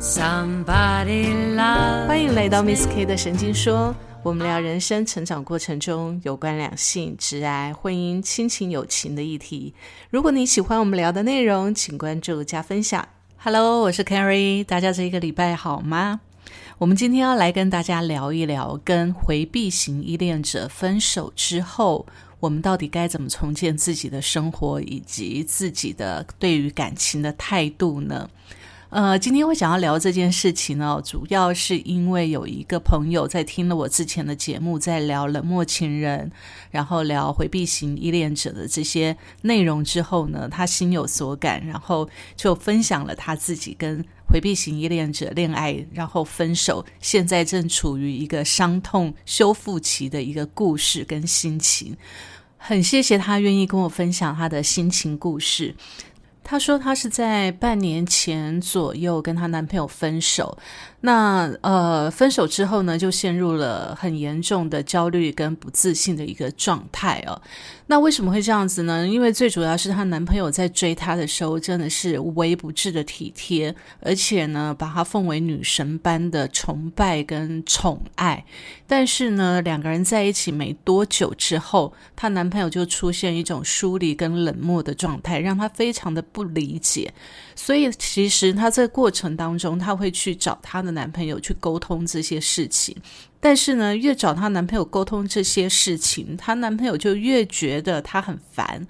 Somebody love 歡迎來到 Miss K 的神經說，我們聊人生成長過程中有關兩性、摯愛、婚姻、親情、友情的議題。如果你喜歡我們聊的內容，請關注加分享。Hello，我是 Carrie，大家這一個禮拜好嗎？我們今天要來跟大家聊一聊，跟回避型依戀者分手之後，我們到底該怎麼重建自己的生活以及自己的對於感情的態度呢？呃，今天我想要聊這件事情呢，主要是因為有一個朋友在聽了我之前的節目，在聊冷漠情人，然後聊迴避型依戀者的這些內容之後呢，他心有所感，然後就分享了他自己跟迴避型依戀者戀愛，然後分手，現在正處於一個傷痛修復期的一個故事跟心情。很謝謝他願意跟我分享他的心情故事。她說，她是在半年前左右跟她男朋友分手。那呃，分手之後呢，就陷入了很嚴重的焦慮跟不自信的一個狀態哦。那為什麼會這樣子呢？因為最主要是她男朋友在追她的時候，真的是無微不至的體貼，而且呢，把她奉為女神般的崇拜跟寵愛。但是呢，兩個人在一起沒多久之後，她男朋友就出現一種疏離跟冷漠的狀態，讓她非常的不理解。所以其實她在過程當中，她會去找她的。男朋友去溝通這些事情，但是呢，越找她男朋友溝通這些事情，她男朋友就越覺得她很煩，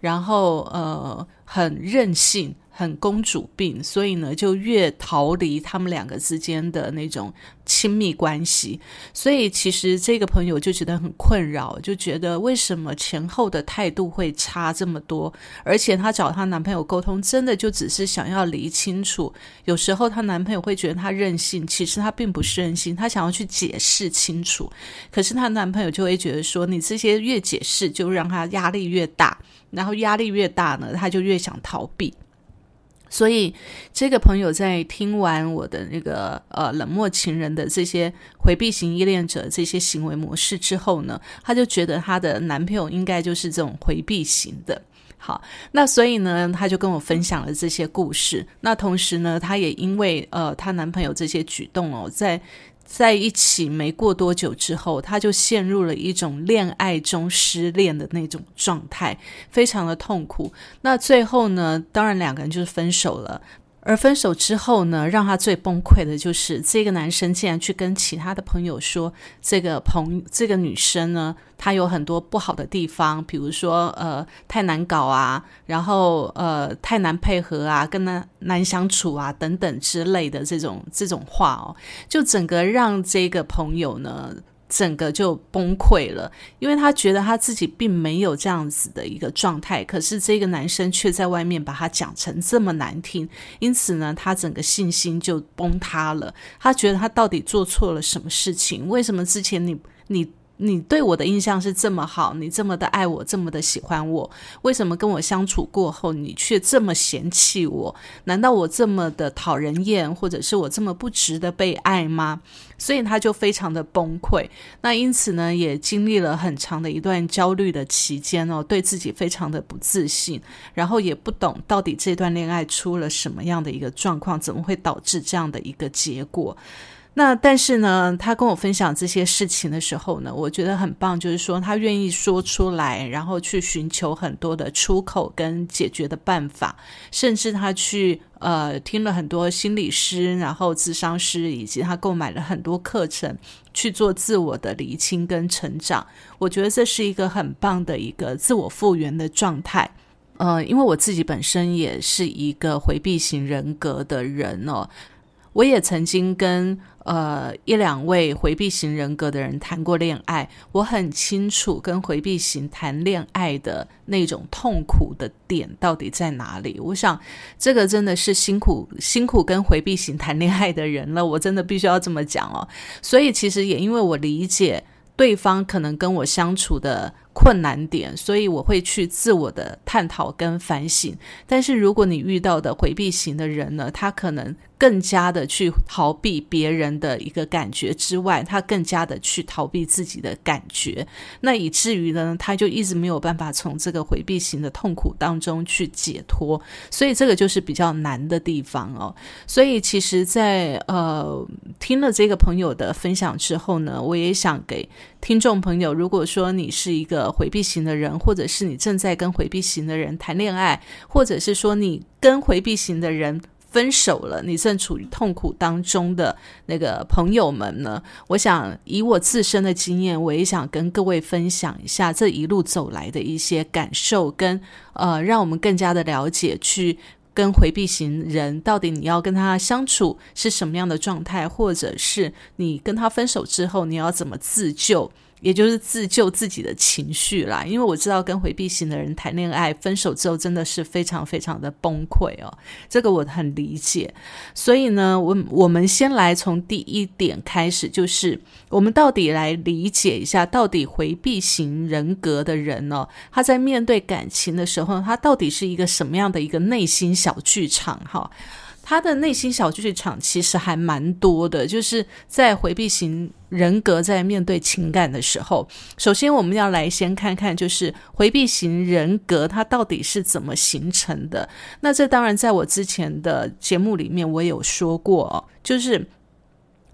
然後呃，很任性。很公主病，所以呢，就越逃離他們兩個之間的那種親密關係。所以其實這個朋友就覺得很困擾，就覺得為什麼前後的態度會差這麼多？而且她找她男朋友溝通，真的就只是想要理清楚。有時候她男朋友會覺得她任性，其實她並不是任性，她想要去解釋清楚。可是她男朋友就會覺得說，你這些越解釋，就讓她壓力越大，然後壓力越大呢，她就越想逃避。所以，這個朋友在聽完我的那個呃冷漠情人的這些迴避型依戀者這些行為模式之後呢，他就覺得他的男朋友應該就是這種迴避型的。好，那所以呢，他就跟我分享了這些故事。那同時呢，他也因為呃他男朋友這些舉動哦，在。在一起沒過多久之後，他就陷入了一種戀愛中失戀的那種狀態，非常的痛苦。那最後呢，當然兩個人就是分手了。而分手之後呢，讓他最崩潰的就是，這個男生竟然去跟其他的朋友說，這個朋這個女生呢，她有很多不好的地方，比如說呃太難搞啊，然後呃太難配合啊，跟她難相處啊等等之類的這種這種話哦，就整個讓這個朋友呢，整個就崩潰了，因為他覺得他自己並沒有這樣子的一個狀態，可是這個男生卻在外面把他講成這麼難聽，因此呢，他整個信心就崩塌了。他覺得他到底做錯了什麼事情？為什麼之前你你？你對我的印象是這麼好，你這麼的愛我，這麼的喜歡我，為什麼跟我相處過後，你卻這麼嫌棄我？難道我這麼的討人厭，或者是我這麼不值得被愛嗎？所以他就非常的崩潰。那因此呢，也經歷了很長的一段焦慮的期間哦，對自己非常的不自信，然後也不懂到底這段戀愛出了什麼樣的一個狀況，怎麼會導致這樣的一個結果。那但是呢，他跟我分享這些事情的時候呢，我覺得很棒，就是說他願意說出來，然後去尋求很多的出口跟解決的辦法，甚至他去呃聽了很多心理師，然後諮商師，以及他購買了很多課程去做自我的釐清跟成長。我覺得這是一個很棒的一個自我復原的狀態。嗯、呃，因為我自己本身也是一個回避型人格的人哦。我也曾經跟呃一兩位迴避型人格的人談過戀愛，我很清楚跟迴避型談戀愛的那種痛苦的點到底在哪裡。我想這個真的是辛苦辛苦，跟迴避型談戀愛的人了，我真的必須要這麼講哦。所以其實也因為我理解對方可能跟我相處的困難點，所以我會去自我的探討跟反省。但是如果你遇到的迴避型的人呢，他可能。更加的去逃避別人的一個感覺之外，他更加的去逃避自己的感覺，那以至於呢，他就一直沒有辦法從這個迴避型的痛苦當中去解脫，所以這個就是比較難的地方哦。所以其實在，在呃聽了這個朋友的分享之後呢，我也想給聽眾朋友，如果說你是一個迴避型的人，或者是你正在跟迴避型的人談戀愛，或者是說你跟迴避型的人。分手了，你正處於痛苦當中的那個朋友們呢，我想以我自身的經驗，我也想跟各位分享一下這一路走來的一些感受，跟呃，讓我們更加的了解，去跟回避型人到底你要跟他相處是什麼樣的狀態，或者是你跟他分手之後你要怎麼自救。也就是自救自己的情緒啦，因為我知道跟回避型的人談戀愛，分手之後真的是非常非常的崩潰哦，這個我很理解。所以呢，我我們先來從第一點開始，就是我們到底來理解一下，到底回避型人格的人呢、哦，他在面對感情的時候，他到底是一個什麼樣的一個內心小劇場？哈。他的內心小劇場其實還蠻多的，就是在回避型人格在面對情感的時候，首先我們要來先看看，就是回避型人格它到底是怎麼形成的？那這當然在我之前的節目裡面我有說過哦，就是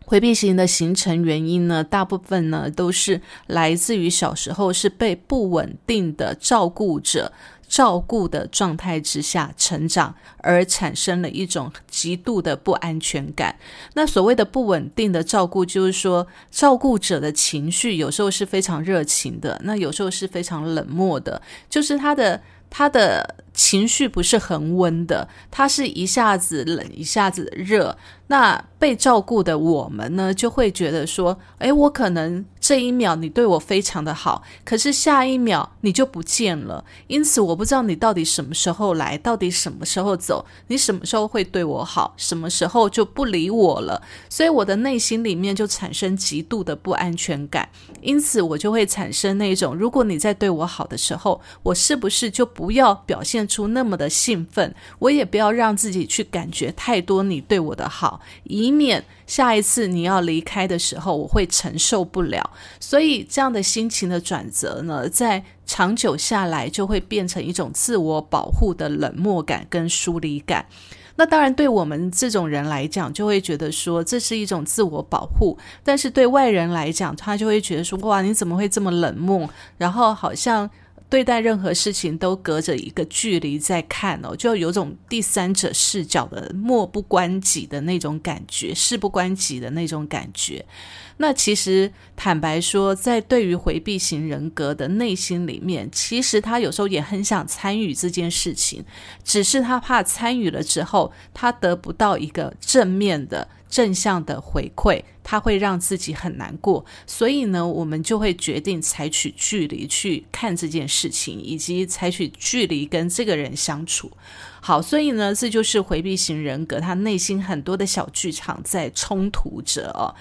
回避型的形成原因呢，大部分呢都是來自於小時候是被不穩定的照顧者。照顧的狀態之下成長，而產生了一種極度的不安全感。那所謂的不穩定的照顧，就是說，照顧者的情緒有時候是非常熱情的，那有時候是非常冷漠的，就是他的他的情緒不是恆溫的，他是一下子冷，一下子熱。那被照顧的我們呢，就會覺得說，哎，我可能。這一秒你對我非常的好，可是下一秒你就不見了。因此我不知道你到底什麼時候來，到底什麼時候走，你什麼時候會對我好，什麼時候就不理我了。所以我的內心裡面就產生極度的不安全感。因此我就會產生那種，如果你在對我好的時候，我是不是就不要表現出那麼的興奮，我也不要讓自己去感覺太多你對我的好，以免……下一次你要離開的時候，我會承受不了。所以這樣的心情的轉折呢，在長久下來就會變成一種自我保護的冷漠感跟疏離感。那當然，對我們這種人來講，就會覺得說這是一種自我保護；但是對外人來講，他就會覺得說：哇，你怎麼會這麼冷漠？然後好像……對待任何事情都隔着一個距離在看哦，就有種第三者視角的漠不關己的那種感覺，事不關己的那種感覺。那其實坦白說，在對於回避型人格的內心裡面，其實他有時候也很想參與這件事情，只是他怕參與了之後，他得不到一個正面的。正向的回饋，他會讓自己很難過，所以呢，我們就會決定採取距離去看這件事情，以及採取距離跟這個人相處。好，所以呢，這就是回避型人格，他內心很多的小劇場在衝突着哦。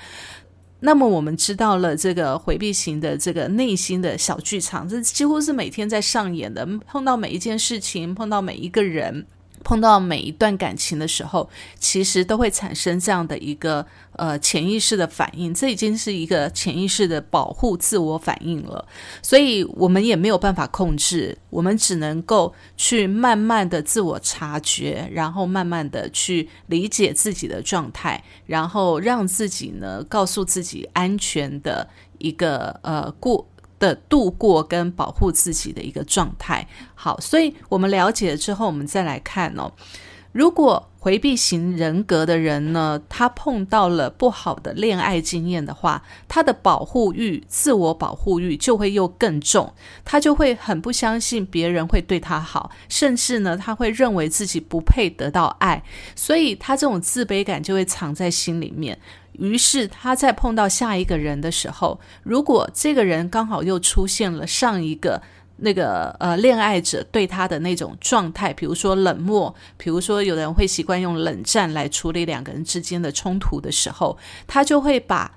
那麼我們知道了這個回避型的這個內心的小劇場，這幾乎是每天在上演的，碰到每一件事情，碰到每一個人。碰到每一段感情的時候，其實都會產生這樣的一個呃潛意識的反應，這已經是一個潛意識的保護自我反應了，所以我們也沒有辦法控制，我們只能夠去慢慢的自我察覺，然後慢慢的去理解自己的狀態，然後讓自己呢告訴自己安全的一個呃過。的度過跟保護自己的一個狀態。好，所以我們了解了之後，我們再來看哦。如果回避型人格的人呢，他碰到了不好的戀愛經驗的話，他的保護欲、自我保護欲就會又更重，他就會很不相信別人會對他好，甚至呢，他會認為自己不配得到愛，所以他這種自卑感就會藏在心裡面。於是他在碰到下一個人的時候，如果這個人剛好又出現了上一個那個呃戀愛者對他的那種狀態，比如說冷漠，比如說有人會習慣用冷戰來處理兩個人之間的衝突的時候，他就會把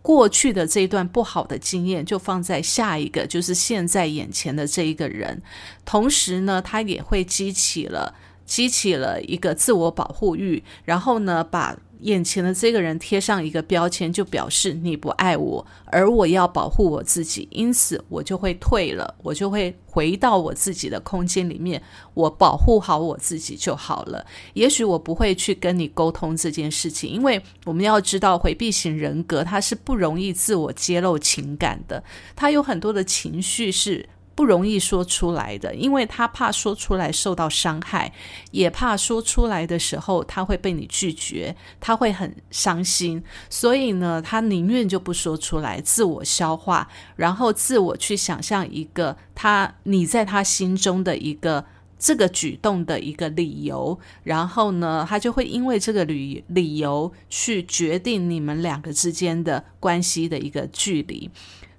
過去的這一段不好的經驗就放在下一個，就是現在眼前的這一個人。同時呢，他也會激起了激起了一個自我保護欲，然後呢，把。眼前的這個人貼上一個標籤，就表示你不愛我，而我要保護我自己，因此我就會退了，我就會回到我自己的空間裡面，我保護好我自己就好了。也許我不會去跟你溝通這件事情，因為我們要知道迴避型人格，他是不容易自我揭露情感的，他有很多的情緒是不容易說出來的，因為他怕說出來受到傷害，也怕說出來的時候他會被你拒絕，他會很傷心。所以呢，他寧願就不說出來，自我消化，然後自我去想象一個他你在他心中的一個這個舉動的一個理由。然後呢，他就會因為這個理理由去決定你們兩個之間的關係的一個距離。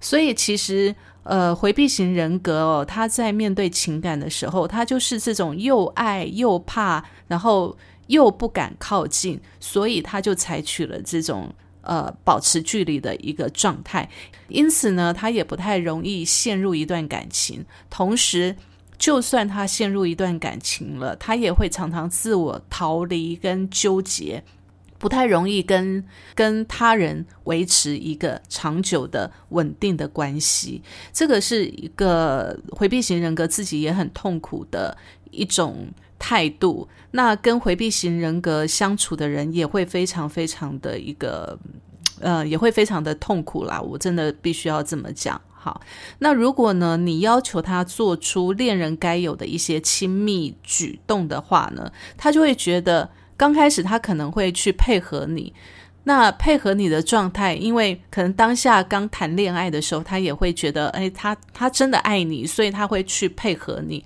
所以其實，呃，迴避型人格哦，他在面對情感的時候，他就是這種又愛又怕，然後又不敢靠近，所以他就採取了這種，呃，保持距離的一個狀態。因此呢，他也不太容易陷入一段感情。同時，就算他陷入一段感情了，他也會常常自我逃離跟糾結。不太容易跟跟他人維持一個長久的穩定的關係，這個是一個回避型人格自己也很痛苦的一種態度。那跟回避型人格相處的人也會非常非常的一個，呃，也會非常的痛苦啦。我真的必須要這麼講。好，那如果呢，你要求他做出戀人該有的一些親密舉動的話呢，他就會覺得。剛開始他可能會去配合你，那配合你的狀態，因為可能當下剛談戀愛的時候，他也會覺得，誒、哎，他他真的愛你，所以他會去配合你。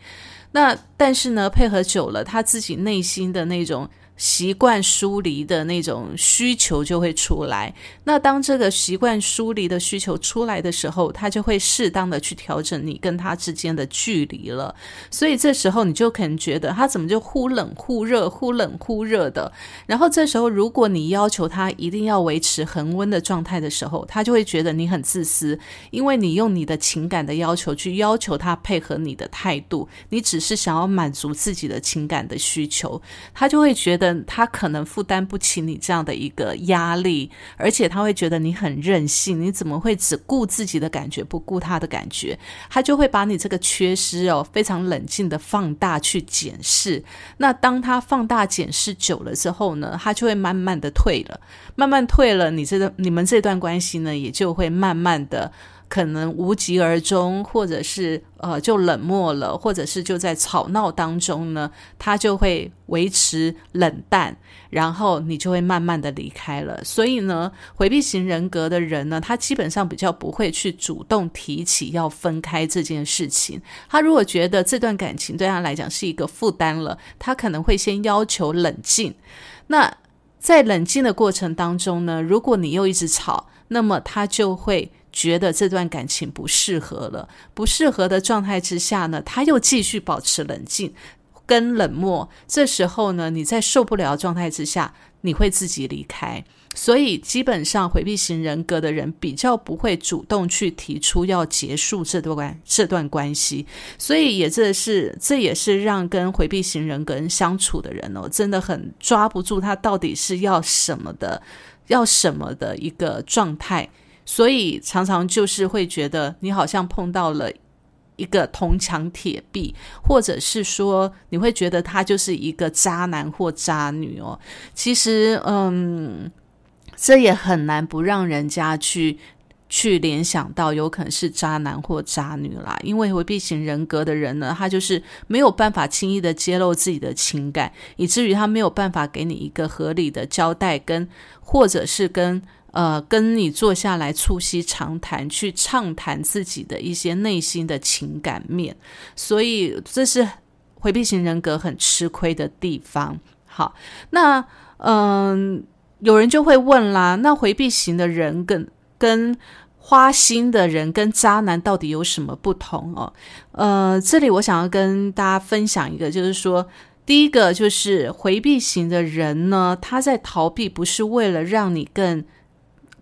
那但是呢，配合久了，他自己內心的那種。習慣疏離的那種需求，就會出來。那當這個習慣疏離的需求出來的時候，他就會適當的去調整你跟他之間的距離了。所以這時候你就可能覺得他怎麼就忽冷忽熱、忽冷忽熱的。然後這時候如果你要求他一定要維持恆溫的狀態的時候，他就會覺得你很自私，因為你用你的情感的要求去要求他配合你的態度，你只是想要滿足自己的情感的需求，他就會覺得。他可能負擔不起你這樣的一個壓力，而且他會覺得你很任性，你怎麼會只顧自己的感覺不顧他的感覺？他就會把你這個缺失哦，非常冷靜的放大去檢視。那當他放大檢視久了之後呢，他就會慢慢的退了，慢慢退了，你這個你們這段關係呢，也就會慢慢的。可能無疾而終，或者是呃，就冷漠了，或者是就在吵鬧當中呢，他就會維持冷淡，然後你就會慢慢的離開了。所以呢，迴避型人格的人呢，他基本上比較不會去主動提起要分開這件事情。他如果覺得這段感情對他來講是一個負擔了，他可能會先要求冷靜。那在冷靜的過程當中呢，如果你又一直吵，那麼他就會。覺得這段感情不適合了，不適合的狀態之下呢，他又繼續保持冷靜跟冷漠。這時候呢，你在受不了狀態之下，你會自己離開。所以，基本上回避型人格的人比較不會主動去提出要結束這段關，這段關係。所以，也這是，這也是讓跟回避型人格人相處的人哦，真的很抓不住他到底是要什麼的，要什麼的一個狀態。所以常常就是會覺得你好像碰到了一個銅牆鐵壁，或者是說你會覺得他就是一個渣男或渣女哦。其實，嗯，這也很難不讓人家去去聯想到有可能是渣男或渣女啦。因為回避型人格的人呢，他就是沒有辦法輕易的揭露自己的情感，以至於他沒有辦法給你一個合理的交代跟，跟或者是跟。呃，跟你坐下來促膝長談，去暢談自己的一些內心的情感面，所以這是回避型人格很吃虧的地方。好，那嗯，呃，有人就會問啦，那回避型的人跟跟花心的人跟渣男到底有什麼不同哦、啊？呃，這裡我想要跟大家分享一個，就是說，第一個就是回避型的人呢，他在逃避，不是為了讓你更。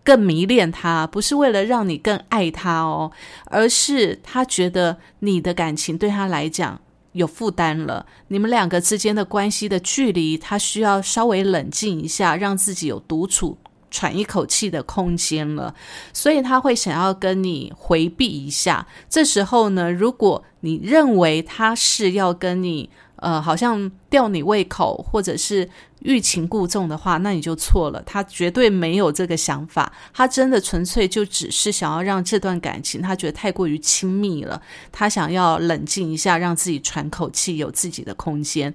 更迷戀他，不是為了讓你更愛他哦，而是他覺得你的感情對他來講有負擔了，你們兩個之間的關係的距離，他需要稍微冷靜一下，讓自己有獨處、喘一口氣的空間了，所以他會想要跟你回避一下。這時候呢，如果你認為他是要跟你。呃，好像吊你胃口，或者是欲擒故縱的話，那你就錯了。他絕對沒有這個想法，他真的純粹就只是想要讓這段感情，他覺得太過於親密了。他想要冷靜一下，讓自己喘口氣，有自己的空間。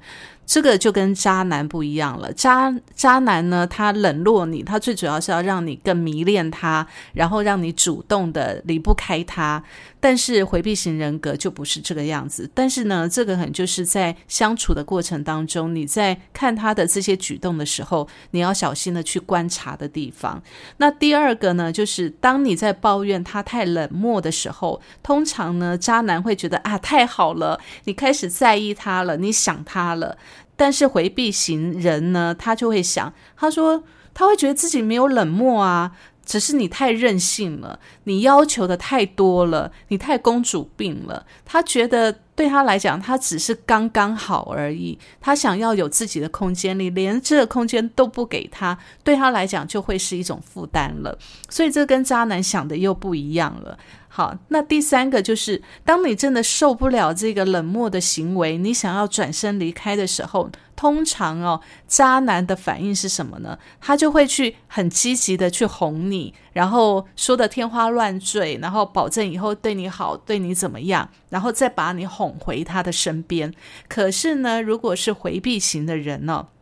這個就跟渣男不一樣了，渣渣男呢，他冷落你，他最主要是要讓你更迷戀他，然後讓你主動的離不開他。但是迴避型人格就不是這個樣子。但是呢，這個很就是在相處的過程當中，你在看他的這些舉動的時候，你要小心的去觀察的地方。那第二個呢，就是當你在抱怨他太冷漠的時候，通常呢，渣男會覺得啊，太好了，你開始在意他了，你想他了。但是迴避型人呢，他就會想，他說他會覺得自己沒有冷漠啊，只是你太任性了，你要求的太多了，你太公主病了。他覺得對他來講，他只是剛剛好而已。他想要有自己的空間，你連這個空間都不給他，對他來講就會是一種負擔了。所以這跟渣男想的又不一樣了。好，那第三個就是，當你真的受不了這個冷漠的行為，你想要轉身離開的時候，通常哦，渣男的反應是什麼呢？他就會去很積極的去哄你，然後說得天花亂墜，然後保證以後對你好，對你怎麼樣，然後再把你哄回他的身邊。可是呢，如果是回避型的人呢、哦？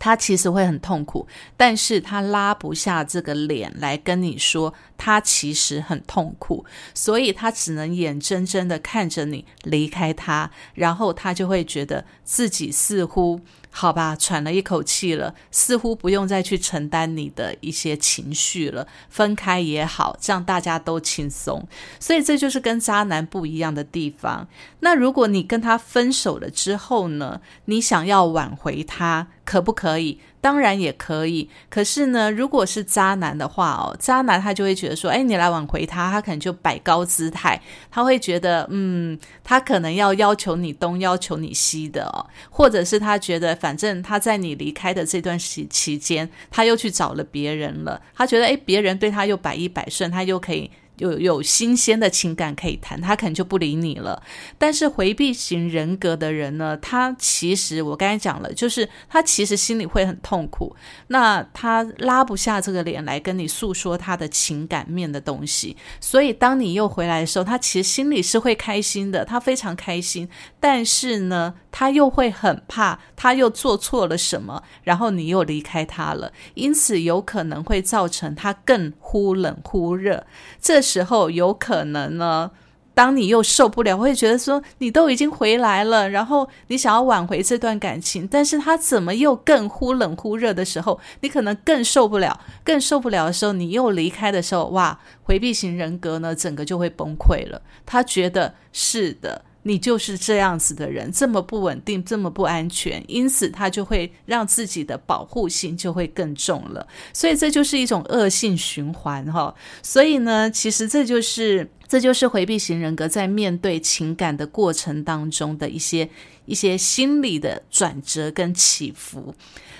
他其實會很痛苦，但是他拉不下這個臉來跟你說，他其實很痛苦，所以他只能眼睜睜的看着你離開他，然後他就會覺得自己似乎。好吧，喘了一口氣了，似乎不用再去承擔你的一些情緒了。分開也好，這樣大家都輕鬆。所以這就是跟渣男不一樣的地方。那如果你跟他分手了之後呢？你想要挽回他，可不可以？當然也可以，可是呢，如果是渣男的話哦，渣男他就會覺得說，哎，你來挽回他，他可能就擺高姿態，他會覺得，嗯，他可能要要求你東，要求你西的哦，或者是他覺得，反正他在你離開的這段時期，期間，他又去找了別人了，他覺得，哎，別人對他又百依百順，他又可以。有有新鮮的情感可以談，他可能就不理你了。但是回避型人格的人呢，他其實我剛才講了，就是他其實心裡會很痛苦，那他拉不下這個臉來跟你訴說他的情感面的東西。所以當你又回來的時候，他其實心裡是會開心的，他非常開心。但是呢，他又會很怕，他又做錯了什麼，然後你又離開他了，因此有可能會造成他更忽冷忽熱。這時候有可能呢，當你又受不了，會覺得說，你都已經回來了，然後你想要挽回這段感情，但是他怎麼又更忽冷忽熱的時候，你可能更受不了，更受不了的時候，你又離開的時候，哇，回避型人格呢，整個就會崩潰了。他覺得是的。你就是這樣子的人，這麼不穩定，這麼不安全，因此他就會讓自己的保護性就會更重了，所以這就是一種惡性循環哈、哦。所以呢，其實這就是這就是迴避型人格在面對情感的過程當中的一些一些心理的轉折跟起伏。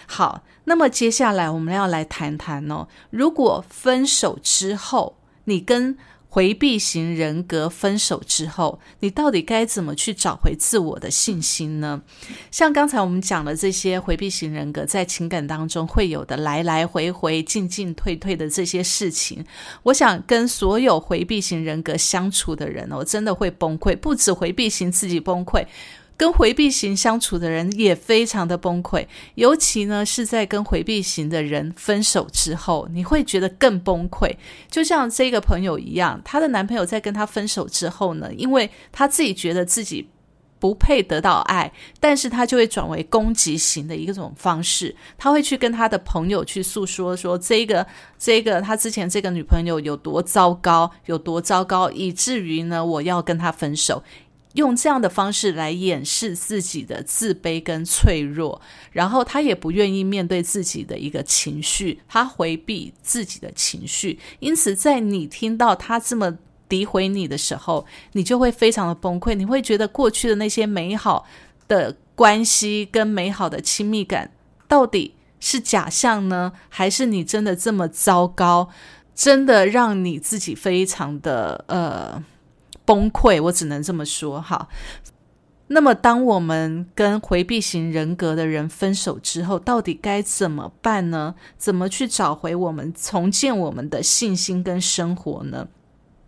好，那麼接下來我們要來談談哦，如果分手之後，你跟。迴避型人格分手之後，你到底該怎麼去找回自我的信心呢？像剛才我們講的這些迴避型人格在情感當中會有的來來回回、進進退退的這些事情，我想跟所有迴避型人格相處的人，我真的會崩潰，不止迴避型自己崩潰。跟迴避型相處的人也非常的崩潰，尤其呢是在跟迴避型的人分手之後，你會覺得更崩潰。就像這個朋友一樣，她的男朋友在跟她分手之後呢，因為她自己覺得自己不配得到愛，但是她就會轉為攻擊型的一種方式，她會去跟她的朋友去訴說，說，說這個這個她之前這個女朋友有多糟糕，有多糟糕，以至於呢我要跟她分手。用這樣的方式來掩飾自己的自卑跟脆弱，然後他也不願意面對自己的一個情緒，他回避自己的情緒，因此在你聽到他這麼詆毀你的時候，你就會非常的崩潰，你會覺得過去的那些美好的關係跟美好的親密感到底是假象呢？還是你真的這麼糟糕？真的讓你自己非常的，呃……崩潰，我只能這麼說哈。那麼，當我們跟迴避型人格的人分手之後，到底該怎麼辦呢？怎麼去找回我們、重建我們的信心跟生活呢？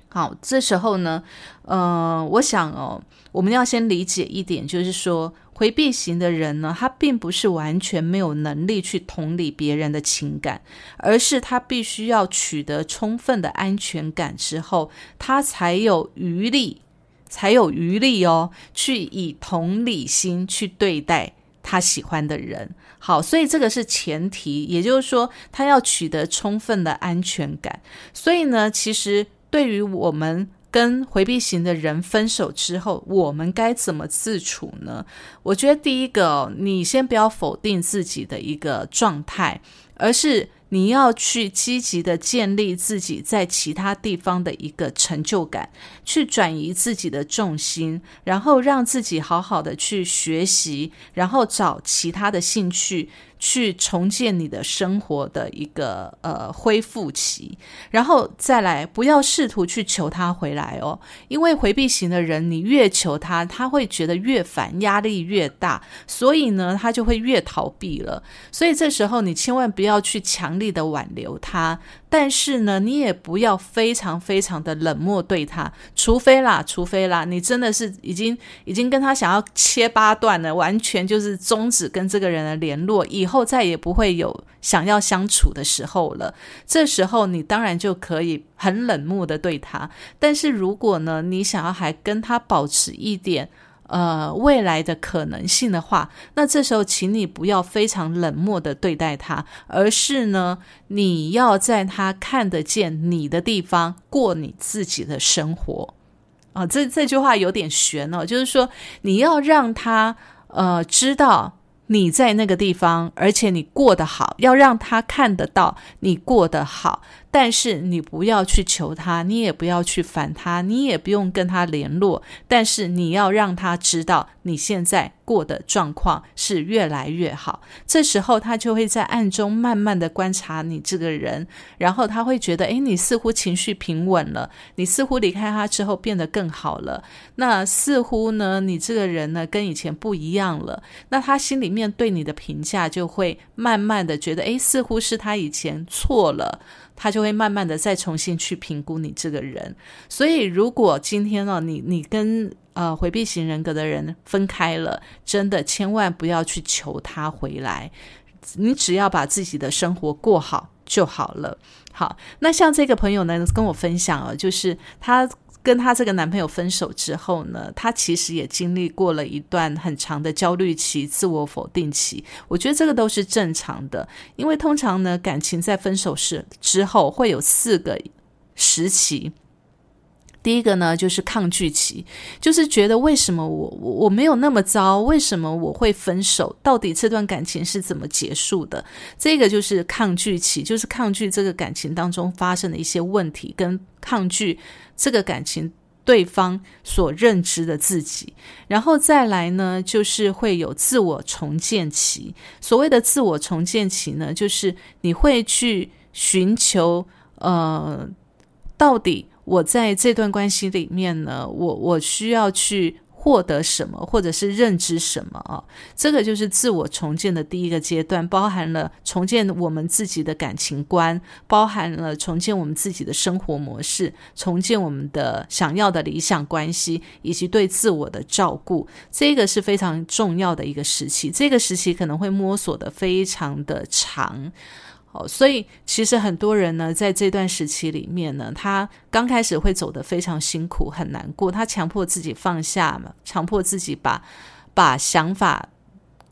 好，這時候呢，呃，我想哦，我們要先理解一點，就是說，迴避型的人呢，他並不是完全沒有能力去同理別人的情感，而是他必須要取得充分的安全感之後，他才有餘力，才有餘力哦，去以同理心去對待他喜歡的人。好，所以這個是前提，也就是說，他要取得充分的安全感。所以呢，其實對於我們。跟迴避型的人分手之後，我們該怎麼自處呢？我覺得第一個，你先不要否定自己的一個狀態，而是。你要去積極的建立自己在其他地方的一個成就感，去轉移自己的重心，然後讓自己好好的去學習，然後找其他的興趣去重建你的生活的一個呃恢復期，然後再來，不要試圖去求他回來哦，因為迴避型的人，你越求他，他會覺得越煩，壓力越大，所以呢，他就會越逃避了。所以這時候你千萬不要去強。力的挽留他，但是呢，你也不要非常非常的冷漠對他，除非啦，除非啦，你真的是已經已經跟他想要切八段了，完全就是終止跟這個人的聯絡，以後再也不會有想要相處的時候了。這時候你當然就可以很冷漠的對他，但是如果呢，你想要還跟他保持一點。呃，未來的可能性的話，那這時候，請你不要非常冷漠的對待他，而是呢，你要在他看得見你的地方過你自己的生活啊。這這句話有點玄哦，就是說你要讓他呃知道你在那個地方，而且你過得好，要讓他看得到你過得好。但是你不要去求他，你也不要去煩他，你也不用跟他聯絡。但是你要讓他知道你現在過的狀況是越來越好。這時候他就會在暗中慢慢的觀察你這個人，然後他會覺得，誒，你似乎情緒平穩了，你似乎離開他之後變得更好了。那似乎呢，你這個人呢跟以前不一樣了。那他心裡面對你的評價就會慢慢的覺得，誒，似乎是他以前錯了。他就會慢慢的再重新去評估你這個人，所以如果今天呢、哦，你你跟呃迴避型人格的人分開了，真的千萬不要去求他回來，你只要把自己的生活過好就好了。好，那像這個朋友呢跟我分享啊、哦，就是他。跟她這個男朋友分手之後呢，她其實也經歷過了一段很長的焦慮期、自我否定期。我覺得這個都是正常的，因為通常呢，感情在分手之後會有四個時期。第一個呢，就是抗拒期，就是覺得為什麼我我我沒有那麼糟，為什麼我會分手？到底這段感情是怎麼結束的？這個就是抗拒期，就是抗拒這個感情當中發生的一些問題，跟抗拒這個感情對方所認知的自己。然後再來呢，就是會有自我重建期。所謂的自我重建期呢，就是你會去尋求，呃，到底。我在這段關係裡面呢，我我需要去獲得什麼，或者是認知什麼啊？這個就是自我重建的第一個階段，包含了重建我們自己的感情觀，包含了重建我們自己的生活模式，重建我們的想要的理想關係，以及對自我的照顧。這個是非常重要的一個時期，這個時期可能會摸索得非常的長。哦，所以其實很多人呢，在這段時期裡面呢，他剛開始會走得非常辛苦，很難過。他強迫自己放下嘛，強迫自己把，把想法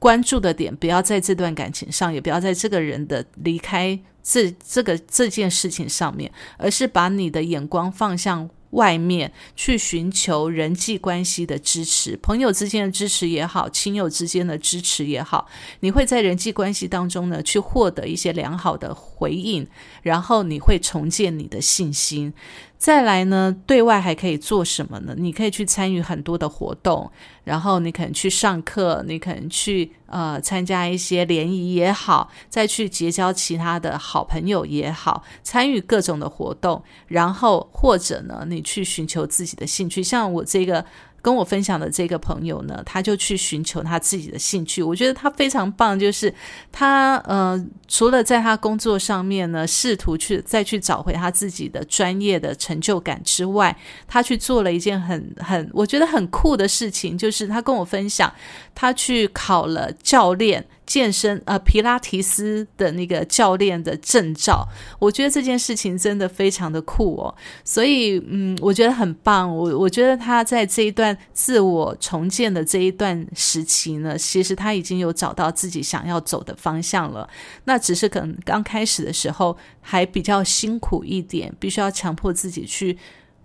關注的點不要在這段感情上，也不要在這個人的離開這這個這件事情上面，而是把你的眼光放向。外面去尋求人際關係的支持，朋友之間的支持也好，親友之間的支持也好，你會在人際關係當中呢，去獲得一些良好的回應，然後你會重建你的信心。再來呢，對外還可以做什麼呢？你可以去參與很多的活動，然後你可能去上課，你可能去呃參加一些聯誼也好，再去結交其他的好朋友也好，參與各種的活動，然後或者呢，你去尋求自己的興趣，像我這個。跟我分享的這個朋友呢，他就去尋求他自己的興趣，我覺得他非常棒。就是他呃，除了在他工作上面呢，試圖去再去找回他自己的專業的成就感之外，他去做了一件很很我覺得很酷的事情，就是他跟我分享，他去考了教練。健身啊、呃，皮拉提斯的那個教練的證照，我覺得這件事情真的非常的酷哦，所以嗯，我覺得很棒。我我覺得他在這一段自我重建的這一段時期呢，其實他已經有找到自己想要走的方向了。那只是可能剛開始的時候還比較辛苦一點，必須要強迫自己去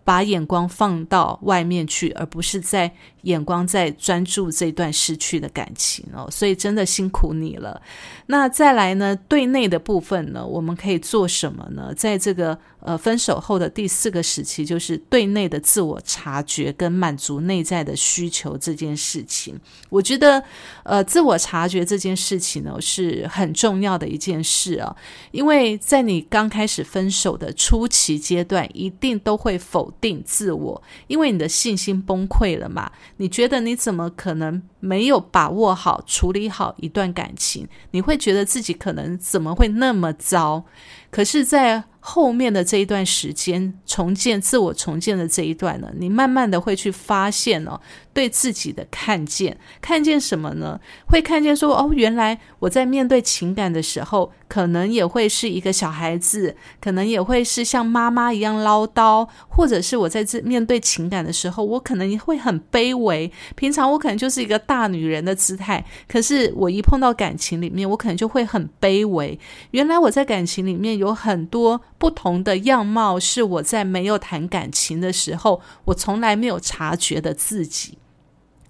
把眼光放到外面去，而不是在。眼光在專注這段失去的感情哦，所以真的辛苦你了。那再來呢？對內的部分呢？我們可以做什麼呢？在這個呃分手後的第四個時期，就是對內的自我察覺跟滿足內在的需求這件事情。我覺得呃自我察覺這件事情呢，是很重要的一件事啊，因為在你剛開始分手的初期階段，一定都會否定自我，因為你的信心崩潰了嘛。你覺得你怎麼可能？沒有把握好處理好一段感情，你會覺得自己可能怎麼會那麼糟？可是，在後面的這一段時間，重建自我重建的這一段呢，你慢慢的會去發現哦，對自己的看見，看見什麼呢？會看見說，哦，原來我在面對情感的時候，可能也會是一個小孩子，可能也會是像媽媽一樣嘮叨，或者是我在這面對情感的時候，我可能會很卑微。平常我可能就是一個大。大女人的姿態，可是我一碰到感情裡面，我可能就會很卑微。原來我在感情裡面有很多不同的樣貌，是我在沒有談感情的時候，我從來沒有察覺的自己。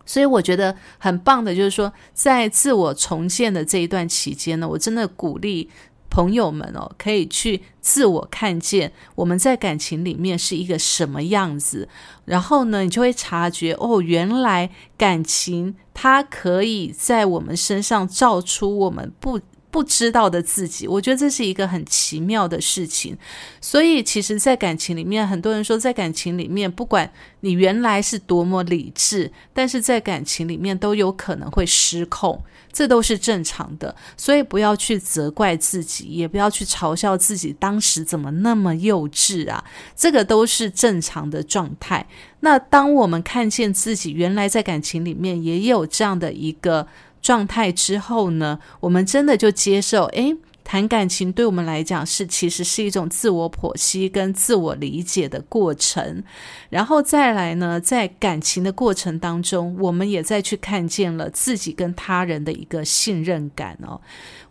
所以我覺得很棒的就是說，在自我重建的這一段期間呢，我真的鼓勵。朋友們哦，可以去自我看見我們在感情裡面是一個什麼樣子，然後呢，你就會察覺哦，原來感情它可以在我們身上照出我們不。不知道的自己，我覺得這是一個很奇妙的事情。所以，其實，在感情裡面，很多人說，在感情裡面，不管你原來是多麼理智，但是在感情裡面都有可能會失控，這都是正常的。所以，不要去責怪自己，也不要去嘲笑自己當時怎麼那麼幼稚啊，這個都是正常的狀態。那當我們看見自己原來在感情裡面也有這樣的一個。狀態之後呢，我們真的就接受，誒，談感情對我們來講是其實是一種自我剖析跟自我理解的過程，然後再來呢，在感情的過程當中，我們也在去看見了自己跟他人的一個信任感哦。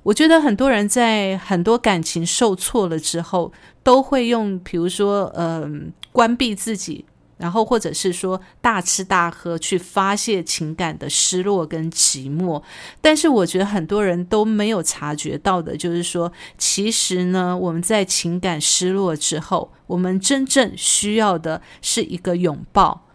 我覺得很多人在很多感情受挫了之後，都會用，比如說，嗯、呃，關閉自己。然後，或者是說大吃大喝去發洩情感的失落跟寂寞，但是我覺得很多人都沒有察覺到的，就是說，其實呢，我們在情感失落之後，我們真正需要的是一個擁抱。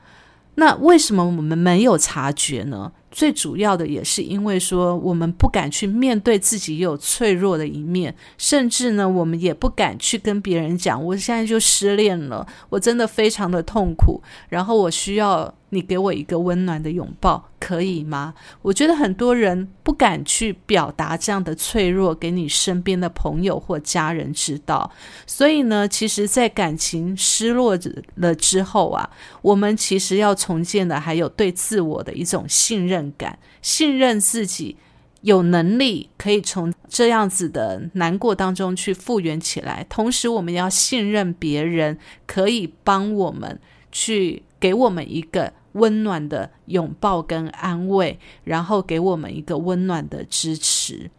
那為什麼我們沒有察覺呢？最主要的也是因為說，我們不敢去面對自己有脆弱的一面，甚至呢，我們也不敢去跟別人講，我現在就失戀了，我真的非常的痛苦，然後我需要。你給我一個溫暖的擁抱，可以嗎？我覺得很多人不敢去表達這樣的脆弱，給你身邊的朋友或家人知道。所以呢，其實，在感情失落了之後啊，我們其實要重建的還有對自我的一種信任感，信任自己有能力可以從這樣子的難過當中去復原起來。同時，我們要信任別人，可以幫我們去給我們一個。溫暖的擁抱跟安慰，然後給我們一個溫暖的支持。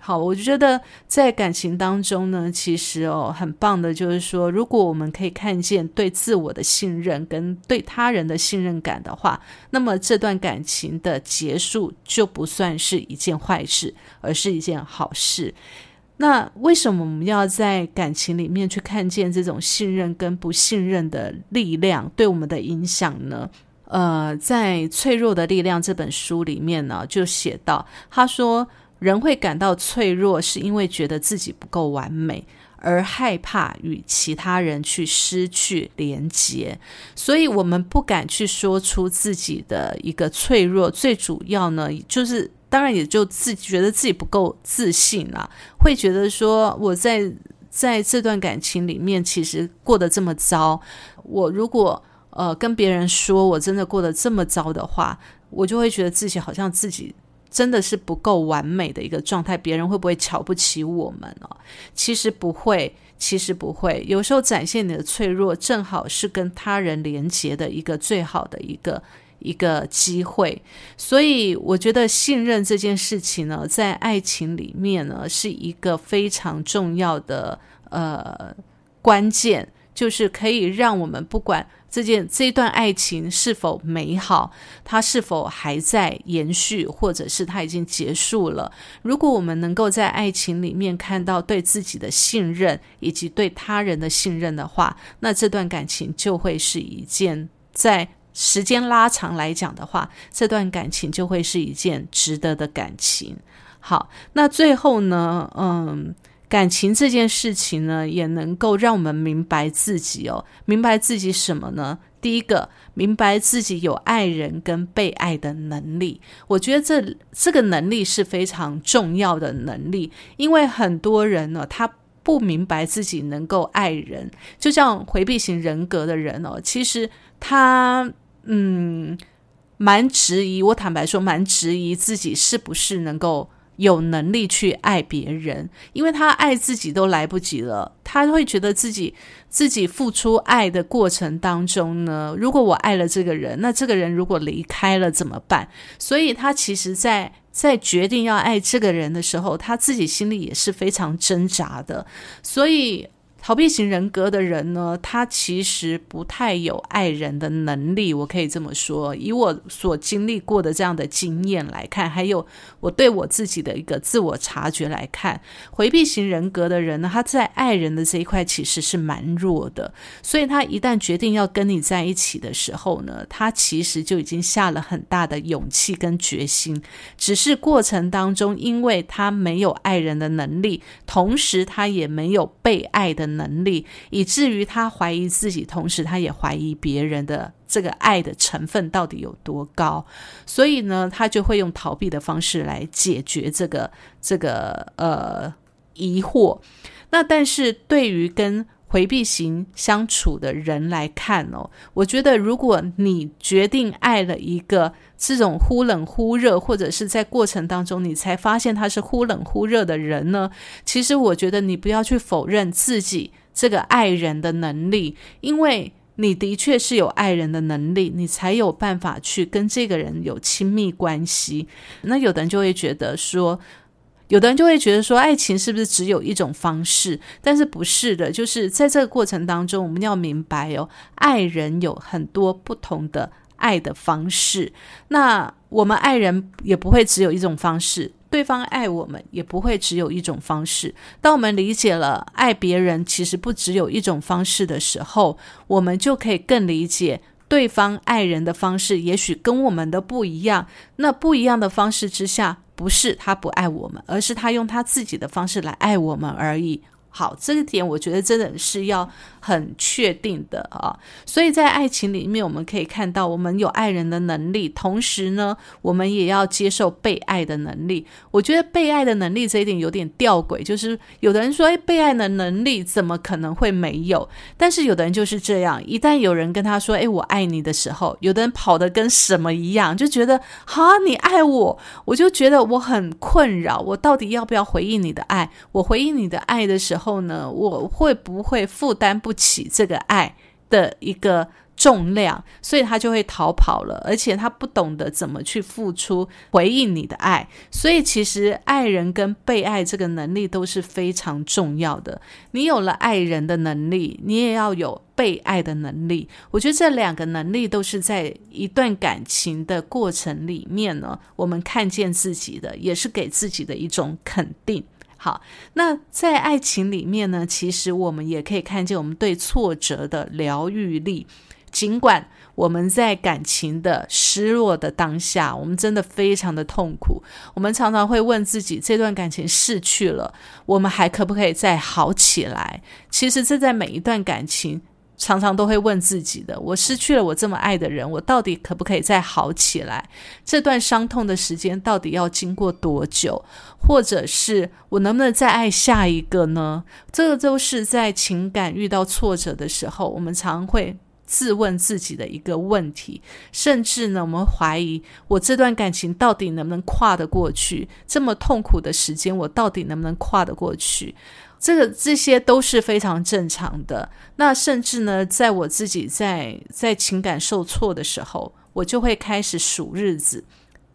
好，我覺得在感情當中呢，其實哦很棒的，就是說，如果我們可以看見對自我的信任跟對他人的信任感的話，那麼這段感情的結束就不算是一件壞事，而是一件好事。那為什麼我們要在感情裡面去看見這種信任跟不信任的力量對我們的影響呢？呃，在《脆弱的力量》這本書裡面呢，就寫到，他說，人會感到脆弱，是因為覺得自己不夠完美，而害怕與其他人去失去連結，所以我們不敢去說出自己的一個脆弱。最主要呢，就是當然也就自己覺得自己不夠自信了啊，會覺得說，我在在這段感情裡面其實過得這麼糟，我如果。呃，跟別人說我真的過得這麼糟的話，我就會覺得自己好像自己真的是不夠完美的一個狀態。別人會不會瞧不起我們呢？其實不會，其實不會。有時候展現你的脆弱，正好是跟他人連接的一個最好的一個一個機會。所以，我覺得信任這件事情呢，在愛情裡面呢，是一個非常重要的呃關鍵。就是可以讓我們不管這件這段愛情是否美好，它是否還在延續，或者是它已經結束了。如果我們能夠在愛情裡面看到對自己的信任以及對他人的信任的話，那這段感情就會是一件在時間拉長來講的話，這段感情就會是一件值得的感情。好，那最後呢，嗯。感情這件事情呢，也能夠讓我們明白自己哦，明白自己什麼呢？第一個，明白自己有愛人跟被愛的能力。我覺得這這個能力是非常重要的能力，因為很多人呢，他不明白自己能夠愛人，就像迴避型人格的人哦，其實他嗯，蠻質疑，我坦白說，蠻質疑自己是不是能夠。有能力去愛別人，因為他愛自己都來不及了。他會覺得自己自己付出愛的過程當中呢，如果我愛了這個人，那這個人如果離開了怎麼辦？所以他其實在，在在決定要愛這個人的時候，他自己心裡也是非常掙扎的。所以。回避型人格的人呢，他其實不太有愛人的能力，我可以這麼說。以我所經歷過的這樣的經驗來看，還有我對我自己的一個自我察覺來看，回避型人格的人呢，他在愛人的這一塊其實是蠻弱的。所以，他一旦決定要跟你在一起的時候呢，他其實就已經下了很大的勇氣跟決心。只是過程當中，因為他沒有愛人的能力，同時他也沒有被愛的能力。能力，以至於他懷疑自己，同時他也懷疑別人的這個愛的成分到底有多高。所以呢，他就會用逃避的方式來解決這個這個呃疑惑。那但是對於跟迴避型相處的人來看哦，我覺得如果你決定愛了一個這種忽冷忽熱，或者是在過程當中你才發現他是忽冷忽熱的人呢，其實我覺得你不要去否認自己這個愛人的能力，因為你的確是有愛人的能力，你才有辦法去跟這個人有親密關係。那有的人就會覺得說。有的人就會覺得說，愛情是不是只有一種方式？但是不是的，就是在這個過程當中，我們要明白哦，愛人有很多不同的愛的方式。那我們愛人也不會只有一種方式，對方愛我們也不會只有一種方式。當我們理解了愛別人其實不只有一種方式的時候，我們就可以更理解。對方愛人的方式，也許跟我們的不一樣。那不一樣的方式之下，不是他不愛我們，而是他用他自己的方式來愛我們而已。好，這個點我覺得真的是要。很確定的啊，所以在愛情裡面，我們可以看到，我們有愛人的能力，同時呢，我們也要接受被愛的能力。我覺得被愛的能力這一點有點弔詭，就是有的人說：“誒、哎，被愛的能力怎麼可能會沒有？”但是有的人就是這樣，一旦有人跟他說：“誒、哎，我愛你”的時候，有的人跑得跟什麼一樣，就覺得：“好，你愛我，我就覺得我很困擾，我到底要不要回應你的愛？我回應你的愛的時候呢，我會不會負擔不起？”起這個愛的一個重量，所以他就會逃跑了，而且他不懂得怎麼去付出回應你的愛，所以其實愛人跟被愛這個能力都是非常重要的。你有了愛人的能力，你也要有被愛的能力。我覺得這兩個能力都是在一段感情的過程裡面呢，我們看見自己的，也是給自己的一種肯定。好，那在愛情裡面呢，其實我們也可以看見我們對挫折的療癒力。儘管我們在感情的失落的當下，我們真的非常的痛苦，我們常常會問自己：這段感情逝去了，我們還可不可以再好起來？其實這在每一段感情，常常都會問自己的：我失去了我這麼愛的人，我到底可不可以再好起來？這段傷痛的時間到底要經過多久？或者是我能不能再愛下一個呢？這都是在情感遇到挫折的時候，我們常會自問自己的一個問題。甚至呢，我們懷疑我這段感情到底能不能跨得過去？這麼痛苦的時間，我到底能不能跨得過去？這個這些都是非常正常的。那甚至呢，在我自己在在情感受挫的時候，我就會開始數日子，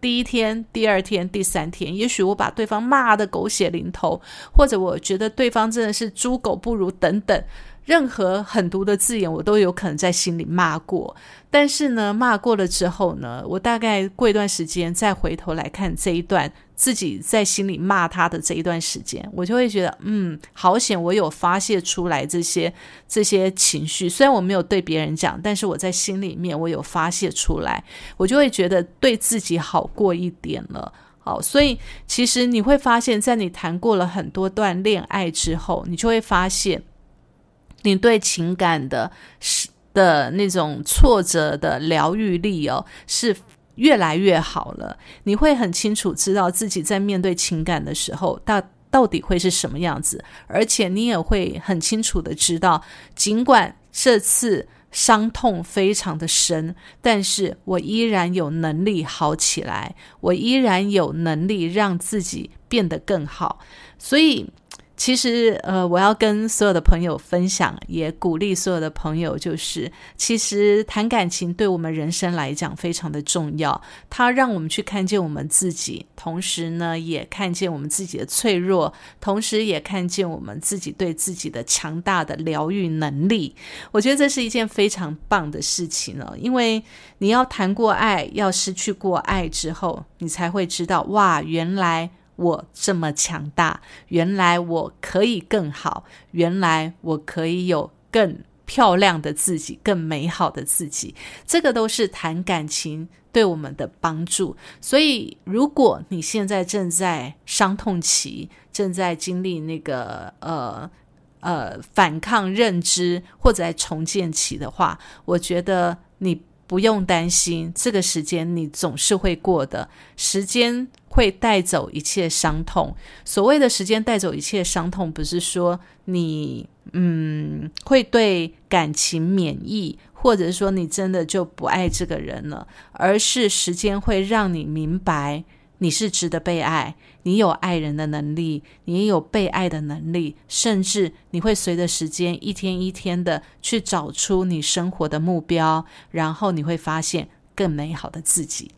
第一天、第二天、第三天。也許我把對方罵得狗血淋頭，或者我覺得對方真的是豬狗不如等等，任何狠毒的字眼，我都有可能在心裡罵過。但是呢，罵過了之後呢，我大概過一段時間再回頭來看這一段。自己在心裡罵他的這一段時間，我就會覺得，嗯，好險，我有發洩出來這些這些情緒。雖然我沒有對別人講，但是我在心裡面我有發洩出來，我就會覺得對自己好過一點了。好，所以其實你會發現，在你談過了很多段戀愛之後，你就會發現，你對情感的是的那種挫折的療癒力哦是越來越好了，你會很清楚知道自己在面對情感的時候，到到底會是什麼樣子，而且你也會很清楚的知道，儘管這次傷痛非常的深，但是我依然有能力好起來，我依然有能力讓自己變得更好，所以。其實，呃，我要跟所有的朋友分享，也鼓勵所有的朋友，就是其實談感情對我們人生來講非常的重要。它讓我們去看見我們自己，同時呢，也看見我們自己的脆弱，同時也看見我們自己對自己的強大的療癒能力。我覺得這是一件非常棒的事情呢，因為你要談過愛，要失去過愛之後，你才會知道，哇，原來。我這麼強大，原來我可以更好，原來我可以有更漂亮的自己，更美好的自己。這個都是談感情對我們的幫助。所以，如果你現在正在傷痛期，正在經歷那個呃呃反抗認知或者在重建期的話，我覺得你不用擔心，這個時間你總是會過的。時間。會帶走一切傷痛。所謂的時間帶走一切傷痛，不是說你嗯會對感情免疫，或者說你真的就不愛這個人了，而是時間會讓你明白你是值得被愛，你有愛人的能力，你也有被愛的能力，甚至你會隨着時間一天一天的去找出你生活的目標，然後你會發現更美好的自己。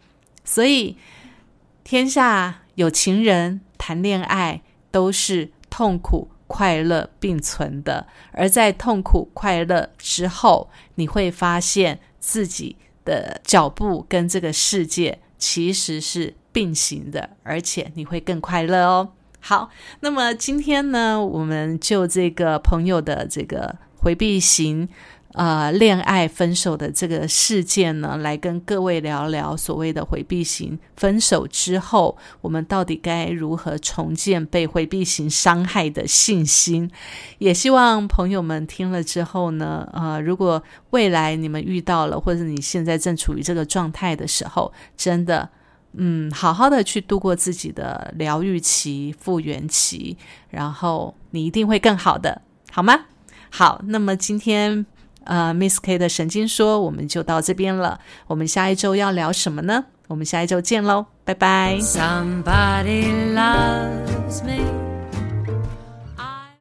所以。天下有情人談戀愛都是痛苦快樂並存的，而在痛苦快樂之後，你會發現自己的腳步跟這個世界其實是並行的，而且你會更快樂哦。好，那麼今天呢，我們就這個朋友的這個迴避型。呃，戀愛分手的這個事件呢，來跟各位聊聊所謂的回避型分手之後，我們到底該如何重建被回避型傷害的信心？也希望朋友們聽了之後呢，呃，如果未來你們遇到了，或者你現在正處於這個狀態的時候，真的，嗯，好好的去度過自己的療癒期、復原期，然後你一定會更好的，好嗎？好，那麼今天。呃、uh，Miss K 的神經說，我們就到這邊了。我們下一周要聊什麼呢？我們下一周見嘍，拜拜。Somebody loves me